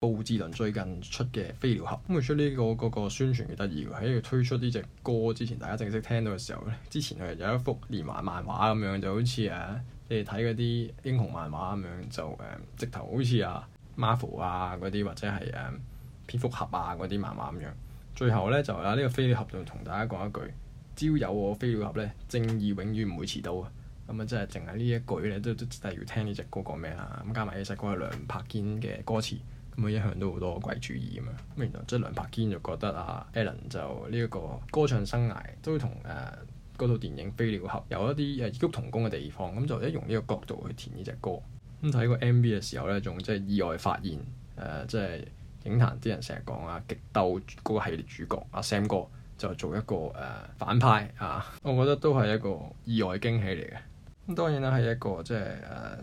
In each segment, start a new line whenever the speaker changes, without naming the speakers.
布志綸最近出嘅《飛鳥俠》，咁佢出呢個嗰個宣傳嘅得意喎。喺佢推出呢隻歌之前，大家正式聽到嘅時候咧，之前係有一幅連環漫畫咁樣，就好似誒，你哋睇嗰啲英雄漫畫咁樣，就誒，直頭好似啊，Marvel 啊嗰啲或者係誒，蝙蝠俠啊嗰啲漫畫咁樣。最後咧就喺呢個《飛鳥俠》就同大家講一句：只要有我《飛鳥俠》咧，正義永遠唔會遲到啊。咁啊，即係淨係呢一句咧，都都係要聽呢隻歌講咩啦。咁加埋呢首歌係梁栢堅嘅歌詞。咪一向都好多鬼主意啊嘛，咁原來即係梁柏堅就覺得啊，Alan 就呢一個歌唱生涯，都同誒嗰套電影《飛鳥俠》有一啲異曲同工嘅地方，咁就一用呢個角度去填呢隻歌。咁睇個 MV 嘅時候呢，仲即係意外發現，誒即係影壇啲人成日講啊，《極鬥》嗰個系列主角阿 Sam 哥就做一個誒反派啊，我覺得都係一個意外驚喜嚟嘅。咁當然啦，係一個即係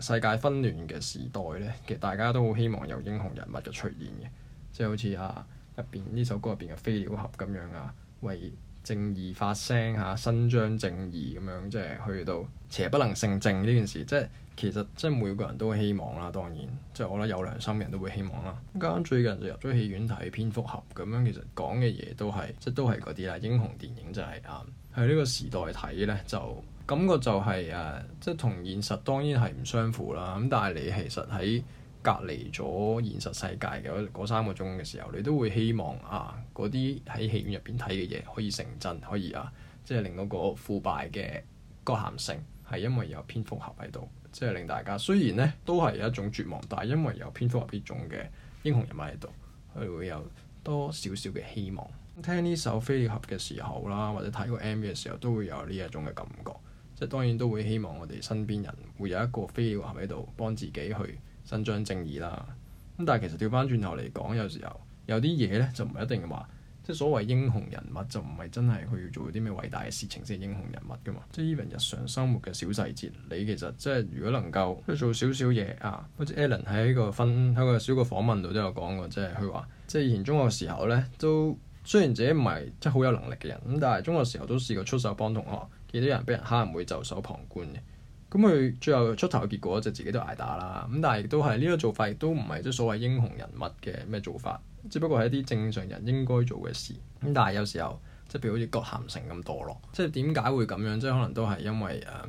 誒世界紛亂嘅時代咧。其實大家都好希望有英雄人物嘅出現嘅，即係好似啊入邊呢首歌入邊嘅《飛鳥俠》咁樣啊，為正義發聲嚇，伸張正義咁樣，即係去到邪不能勝正呢件事。即係其實即係每個人都希望啦。當然，即係我覺得有良心嘅人都會希望啦。咁啱最近就入咗戲院睇《蝙蝠俠》咁樣，其實講嘅嘢都係即係都係嗰啲啦。英雄電影就係啊，喺呢個時代睇咧就。感覺就係、是、誒、啊，即係同現實當然係唔相符啦。咁但係你其實喺隔離咗現實世界嘅嗰三個鐘嘅時，時候，你都會希望啊嗰啲喺戲院入邊睇嘅嘢可以成真，可以啊，即係令嗰個腐敗嘅個鹹性係因為有蝙蝠俠喺度，即係令大家雖然咧都係有一種絕望，但係因為有蝙蝠俠呢種嘅英雄人物喺度，佢會有多少少嘅希望。聽呢首《飛鳥俠》嘅時候啦，或者睇個 MV 嘅時候，都會有呢一種嘅感覺。即係當然都會希望我哋身邊人會有一個飛鳥俠喺度幫自己去伸張正義啦。咁但係其實調翻轉頭嚟講，有時候有啲嘢咧就唔係一定話，即係所謂英雄人物就唔係真係去做啲咩偉大嘅事情先係英雄人物噶嘛。即係 even 日常生活嘅小細節，你其實即係如果能夠去做少少嘢啊，好似 Alan 喺個分喺個小個訪問度都有講過，即係佢話，即係以前中學嘅時候咧，都雖然自己唔係即係好有能力嘅人，咁但係中學嘅時候都試過出手幫同學。幾多人俾人蝦，唔會袖手旁觀嘅。咁佢最後出頭嘅結果就自己都捱打啦。咁但係都係呢個做法，亦都唔係即所謂英雄人物嘅咩做法，只不過係一啲正常人應該做嘅事。咁但係有時候即係譬如好似高譚城咁墮落，即係點解會咁樣？即係可能都係因為誒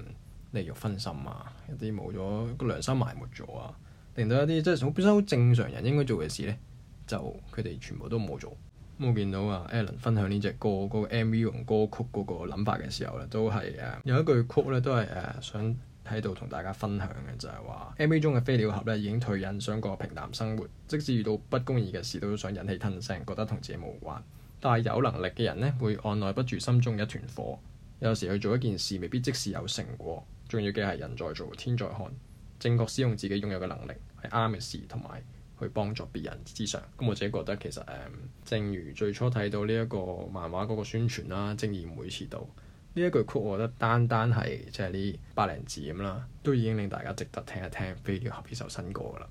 利欲薰心啊，一啲冇咗個良心埋沒咗啊，令到一啲即係本身好正常人應該做嘅事咧，就佢哋全部都冇做。我見到啊 Alan 分享呢隻歌嗰、那個、MV 同歌曲嗰個諗法嘅時候咧，都係誒、啊、有一句曲咧都係誒、啊、想喺度同大家分享嘅就係話 MV 中嘅飛鳥俠咧已經退隱，想過平淡生活，即使遇到不公義嘅事，都想忍氣吞聲，覺得同自己無關。但係有能力嘅人咧，會按捺不住心中嘅一團火。有時去做一件事，未必即時有成果，重要嘅係人在做，天在看。正確使用自己擁有嘅能力係啱嘅事，同埋，去幫助別人之上，咁我自己覺得其實誒、嗯，正如最初睇到呢一個漫畫嗰個宣傳啦，正義唔會遲到。呢一句曲，我覺得單單係即係呢百零字咁啦，都已經令大家值得聽一聽飛鳥俠呢首新歌㗎啦。